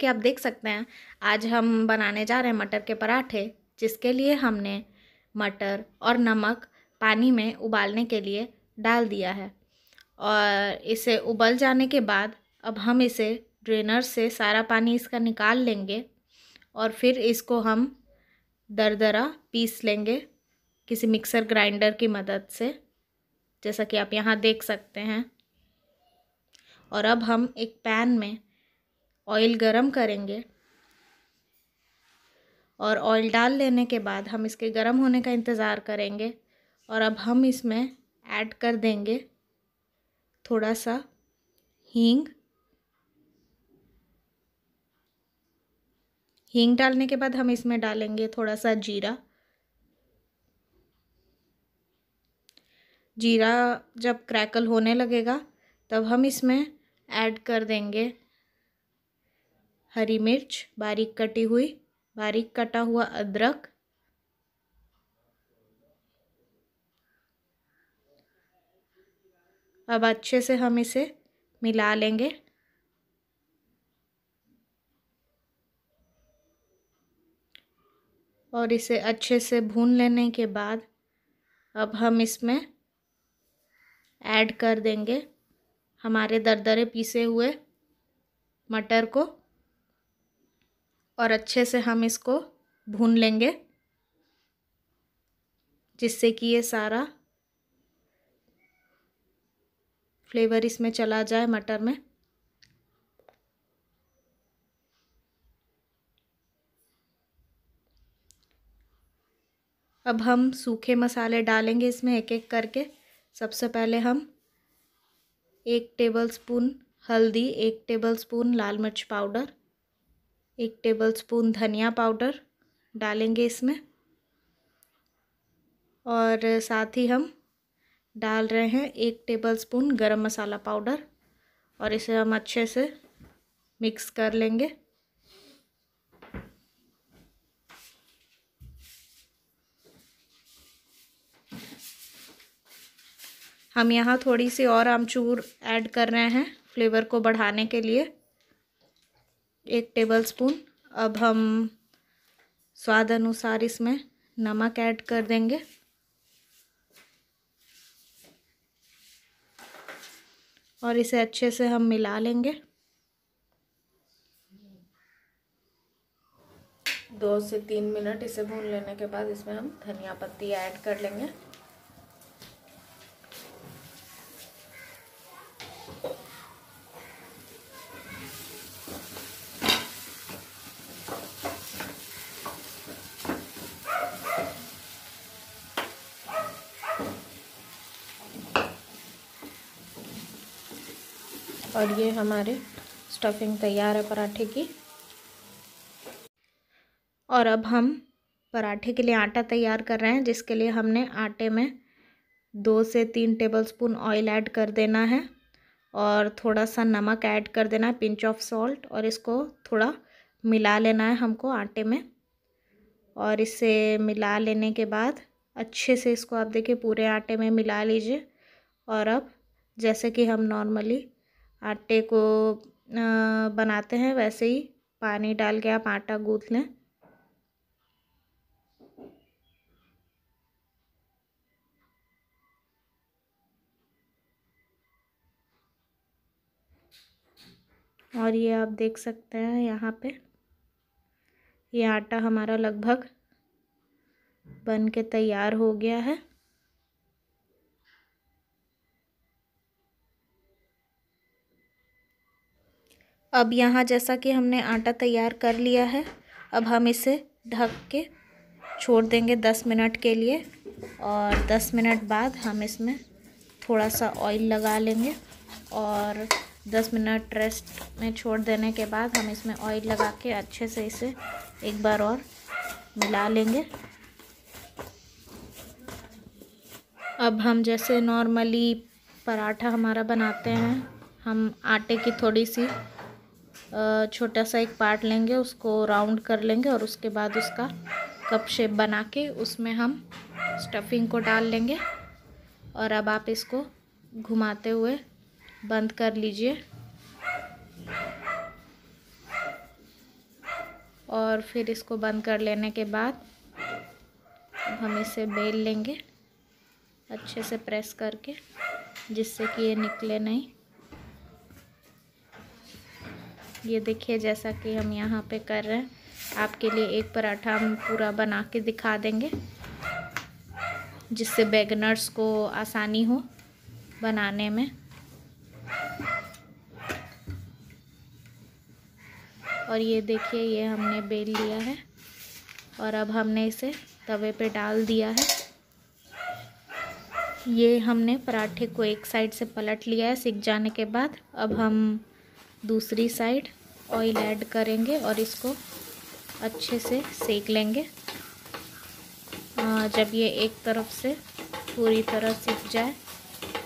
कि आप देख सकते हैं आज हम बनाने जा रहे हैं मटर के पराठे जिसके लिए हमने मटर और नमक पानी में उबालने के लिए डाल दिया है और इसे उबल जाने के बाद अब हम इसे ड्रेनर से सारा पानी इसका निकाल लेंगे और फिर इसको हम दरदरा पीस लेंगे किसी मिक्सर ग्राइंडर की मदद से जैसा कि आप यहाँ देख सकते हैं और अब हम एक पैन में ऑयल गरम करेंगे और ऑयल डाल लेने के बाद हम इसके गरम होने का इंतज़ार करेंगे और अब हम इसमें ऐड कर देंगे थोड़ा सा हींग हींग डालने के बाद हम इसमें डालेंगे थोड़ा सा जीरा जीरा जब क्रैकल होने लगेगा तब हम इसमें ऐड कर देंगे हरी मिर्च बारीक कटी हुई बारीक कटा हुआ अदरक अब अच्छे से हम इसे मिला लेंगे और इसे अच्छे से भून लेने के बाद अब हम इसमें ऐड कर देंगे हमारे दरदरे पीसे हुए मटर को और अच्छे से हम इसको भून लेंगे जिससे कि ये सारा फ्लेवर इसमें चला जाए मटर में अब हम सूखे मसाले डालेंगे इसमें एक एक करके सबसे पहले हम एक टेबलस्पून हल्दी एक टेबलस्पून लाल मिर्च पाउडर एक टेबलस्पून धनिया पाउडर डालेंगे इसमें और साथ ही हम डाल रहे हैं एक टेबलस्पून गरम मसाला पाउडर और इसे हम अच्छे से मिक्स कर लेंगे हम यहाँ थोड़ी सी और आमचूर ऐड कर रहे हैं फ्लेवर को बढ़ाने के लिए एक टेबल स्पून अब हम स्वाद अनुसार इसमें नमक ऐड कर देंगे और इसे अच्छे से हम मिला लेंगे दो से तीन मिनट इसे भून लेने के बाद इसमें हम धनिया पत्ती ऐड कर लेंगे और ये हमारे स्टफिंग तैयार है पराठे की और अब हम पराठे के लिए आटा तैयार कर रहे हैं जिसके लिए हमने आटे में दो से तीन टेबलस्पून ऑयल ऐड कर देना है और थोड़ा सा नमक ऐड कर देना है पिंच ऑफ सॉल्ट और इसको थोड़ा मिला लेना है हमको आटे में और इसे मिला लेने के बाद अच्छे से इसको आप देखिए पूरे आटे में मिला लीजिए और अब जैसे कि हम नॉर्मली आटे को बनाते हैं वैसे ही पानी डाल के आप आटा गूँथ लें और ये आप देख सकते हैं यहाँ पे ये आटा हमारा लगभग बन के तैयार हो गया है अब यहाँ जैसा कि हमने आटा तैयार कर लिया है अब हम इसे ढक के छोड़ देंगे दस मिनट के लिए और दस मिनट बाद हम इसमें थोड़ा सा ऑयल लगा लेंगे और दस मिनट रेस्ट में छोड़ देने के बाद हम इसमें ऑयल लगा के अच्छे से इसे एक बार और मिला लेंगे अब हम जैसे नॉर्मली पराठा हमारा बनाते हैं हम आटे की थोड़ी सी छोटा सा एक पार्ट लेंगे उसको राउंड कर लेंगे और उसके बाद उसका कप शेप बना के उसमें हम स्टफिंग को डाल लेंगे और अब आप इसको घुमाते हुए बंद कर लीजिए और फिर इसको बंद कर लेने के बाद हम इसे बेल लेंगे अच्छे से प्रेस करके जिससे कि ये निकले नहीं ये देखिए जैसा कि हम यहाँ पे कर रहे हैं आपके लिए एक पराठा हम पूरा बना के दिखा देंगे जिससे बैगनर्स को आसानी हो बनाने में और ये देखिए ये हमने बेल लिया है और अब हमने इसे तवे पे डाल दिया है ये हमने पराठे को एक साइड से पलट लिया है सिक जाने के बाद अब हम दूसरी साइड ऑयल ऐड करेंगे और इसको अच्छे से सेक लेंगे जब ये एक तरफ से पूरी तरह सीख जाए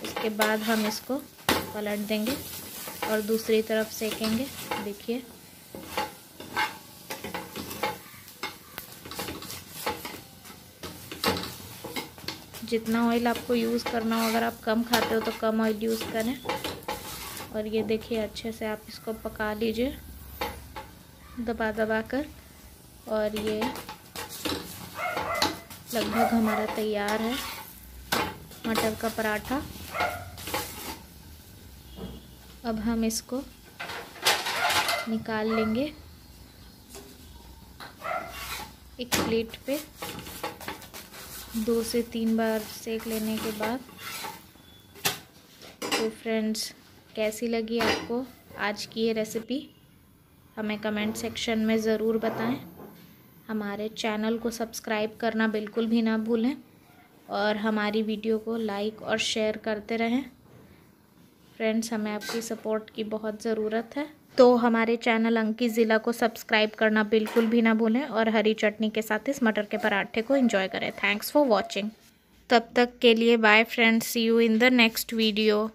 उसके बाद हम इसको पलट देंगे और दूसरी तरफ सेकेंगे देखिए जितना ऑयल आपको यूज़ करना हो अगर आप कम खाते हो तो कम ऑयल यूज़ करें और ये देखिए अच्छे से आप इसको पका लीजिए दबा दबा कर और ये लगभग हमारा तैयार है मटर का पराठा अब हम इसको निकाल लेंगे एक प्लेट पे दो से तीन बार सेक लेने के बाद तो फ्रेंड्स कैसी लगी आपको आज की ये रेसिपी हमें कमेंट सेक्शन में ज़रूर बताएं हमारे चैनल को सब्सक्राइब करना बिल्कुल भी ना भूलें और हमारी वीडियो को लाइक और शेयर करते रहें फ्रेंड्स हमें आपकी सपोर्ट की बहुत ज़रूरत है तो हमारे चैनल अंकित ज़िला को सब्सक्राइब करना बिल्कुल भी ना भूलें और हरी चटनी के साथ इस मटर के पराठे को इंजॉय करें थैंक्स फॉर वॉचिंग तब तक के लिए bye friends see you in the next video